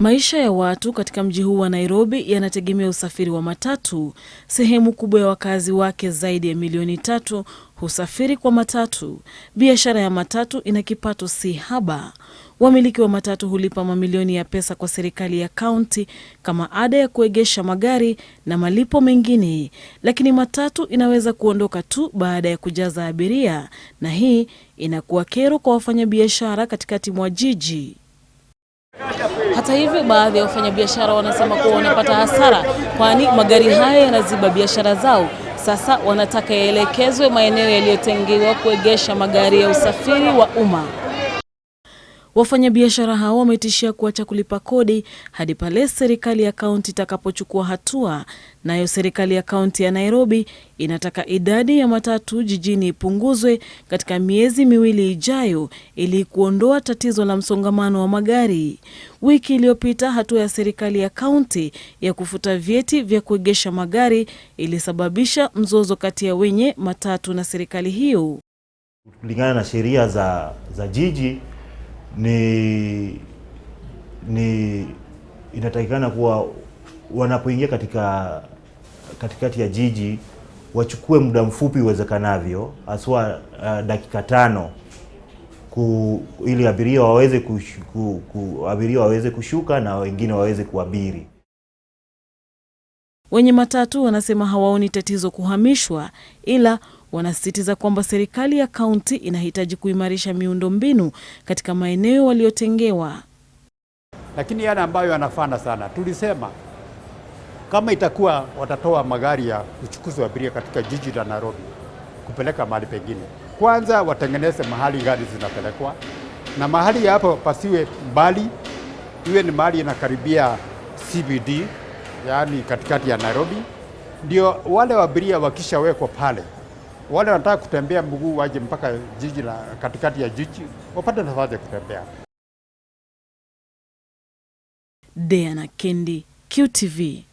Maisha ya watu katika mji huu wa Nairobi yanategemea usafiri wa matatu. Sehemu kubwa ya wakazi wake zaidi ya milioni tatu husafiri kwa matatu. Biashara ya matatu ina kipato si haba. Wamiliki wa matatu hulipa mamilioni ya pesa kwa serikali ya kaunti kama ada ya kuegesha magari na malipo mengine, lakini matatu inaweza kuondoka tu baada ya kujaza abiria, na hii inakuwa kero kwa wafanyabiashara katikati mwa jiji. Hata hivyo, baadhi ya wafanyabiashara wanasema kuwa wanapata hasara, kwani magari haya yanaziba biashara zao. Sasa wanataka yaelekezwe maeneo yaliyotengewa kuegesha magari ya usafiri wa umma. Wafanyabiashara hao wametishia kuacha kulipa kodi hadi pale serikali ya kaunti itakapochukua hatua. Nayo serikali ya kaunti ya Nairobi inataka idadi ya matatu jijini ipunguzwe katika miezi miwili ijayo ili kuondoa tatizo la msongamano wa magari. Wiki iliyopita, hatua ya serikali ya kaunti ya kufuta vyeti vya kuegesha magari ilisababisha mzozo kati ya wenye matatu na serikali hiyo. Kulingana na sheria za, za jiji ni ni inatakikana kuwa wanapoingia katika katikati ya jiji wachukue muda mfupi iwezekanavyo, haswa uh, dakika tano ku, ili abiria waweze kushu, ku, ku, abiria waweze kushuka na wengine waweze kuabiri. Wenye matatu wanasema hawaoni tatizo kuhamishwa ila wanasisitiza kwamba serikali ya kaunti inahitaji kuimarisha miundombinu katika maeneo waliotengewa. Lakini yale ambayo yanafana sana, tulisema kama itakuwa watatoa magari ya uchukuzi wa abiria katika jiji la Nairobi kupeleka mahali pengine, kwanza watengeneze mahali gari zinapelekwa, na mahali hapo pasiwe mbali, iwe ni mahali inakaribia CBD, yaani katikati ya Nairobi, ndio wale waabiria wakishawekwa pale wale wanataka kutembea mguu waje mpaka jiji la katikati ya jiji wapate nafasi ya kutembea. Diana Kendi, QTV.